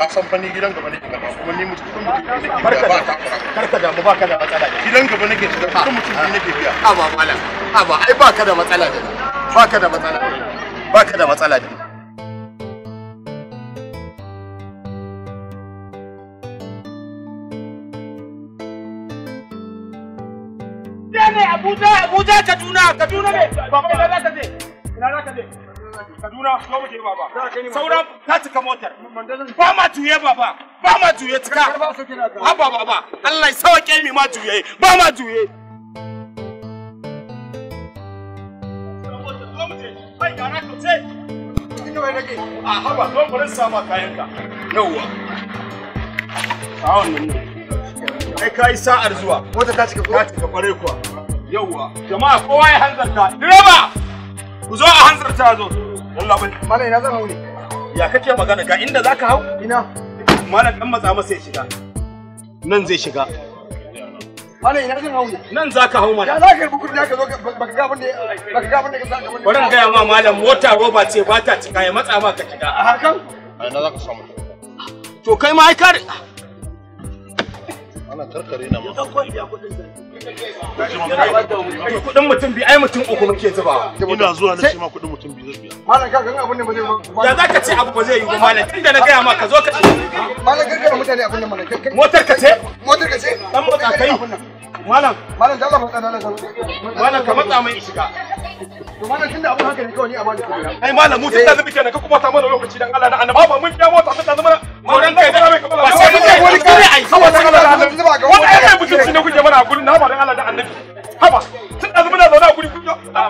ka san fa ni gidan gaba nake gaba kuma ni mutum kun mutum nake biya ba ta karka da mu baka da matsala da gidan gaba nake shiga kun mutum nake biya a ba mala a ba ai baka da matsala da baka da matsala baka da matsala da Abuja Abuja Kaduna Kaduna ne ba kai za ka je ina za ka je Kaduna baba. ta cika motar. Ba ma juye baba. Ba ma juye cika. ha baba. Allah ya sauke mi ma juye. Ba ma juye. A haba sa'ar zuwa. ta cika ta cika kuwa. Yawwa. Jama'a kowa ya hanzarta. Direba! Ku zo a hanzarta zo. Lallaɓai. Malam ina zan hau ne? Ya kake magana ga inda za ka hau? Ina. Malam ɗan matsa masa ya shiga. Nan zai shiga. Malam ina zan hau ne? Nan za ka hau mana. Ya za ka yi bukur da ka zo baka ga abin da baka ga abin da ka sa gaban. Bari gaya ma malam mota roba ce ba ta cika ya matsa ma ka shiga. A hakan? A ina za samu. To kai ma ai ka ana karkare na ma kudin mutum bi ai mutum uku muke zuba ina zuwa na ce ma kudin mutum bi zai biya malam ka ga abin da ba zai ba zaka ce abu ba zai yi ba malam tunda na gaya ma ka zo ka malam ka ga mutane abin da malam motar ka ce motar ka ce dan mota kai malam malam da Allah mutana nan malam ka matsa mai shiga to malam tunda abun haka ne kawai ni a bani kudi ai malam mu tunda da muke na ka kuma ta mana lokaci dan Allah na annabawa mun biya mota ta zama a gurin na dan Allah da annabi haba tun da muna zaune a guri kun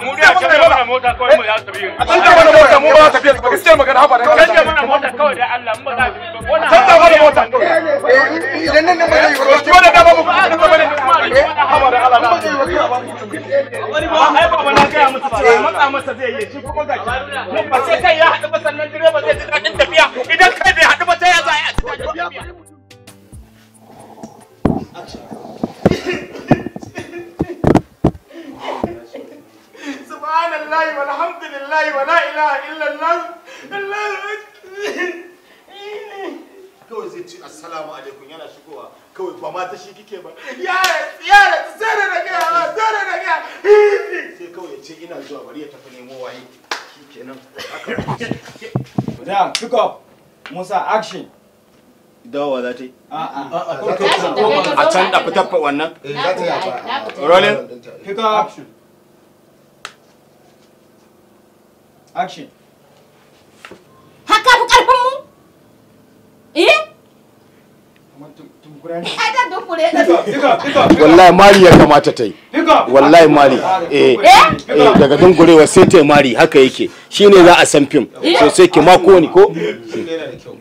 mu mana mota kawai mu ya tafi a mana mota mu ba tafi magana haba mana mota kawai da Allah ba za mana mota idan nan ne ba zai yi ko da da ba mu ba da ba ne haba da Allah ba zai yi ba ai ba ga musu ba matsa masa zai yi shi kuma ga shi ba sai kai ya ba sannan direba zai ji dadin tafiya لله والحمد لله ولا اله الا الله الله kawai zai ci assalamu alaikum yana shigowa kawai ba ma ta shi kike ba yara yara tsere da gaya ba tsere da gaya sai ya ce ina zuwa bari ya a musa dawowa za ta yi? A can da fitar wannan? Eh, Rolling. Pick up. Action. Haka fi Eh? wallahi mari ya kamata ta yi wallahi mari eh eh, eh daga dungurewa sai ta mari haka yake shine za a san fim eh? so sai ki mako ni ko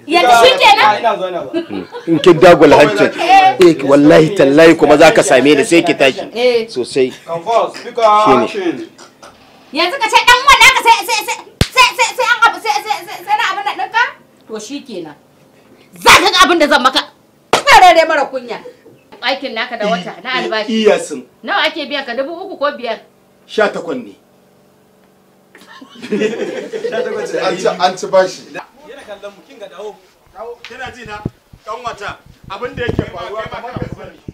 yanzu shi kenan hmm. in ki dagula hancin eh. eh wallahi tallahi kuma za ka same ni sai ki tashi sosai shine yanzu ka ce dan wanda ka sai kenan za ka ga abin da zan maka dai mara kunya aikin naka da wata na albashi sun. nawa ake biya ka dubu uku ko biyar sha takwan ne an ci bashi yana kallon mu kin ga dawo kana ji na kanwata abin da yake faruwa kamar ka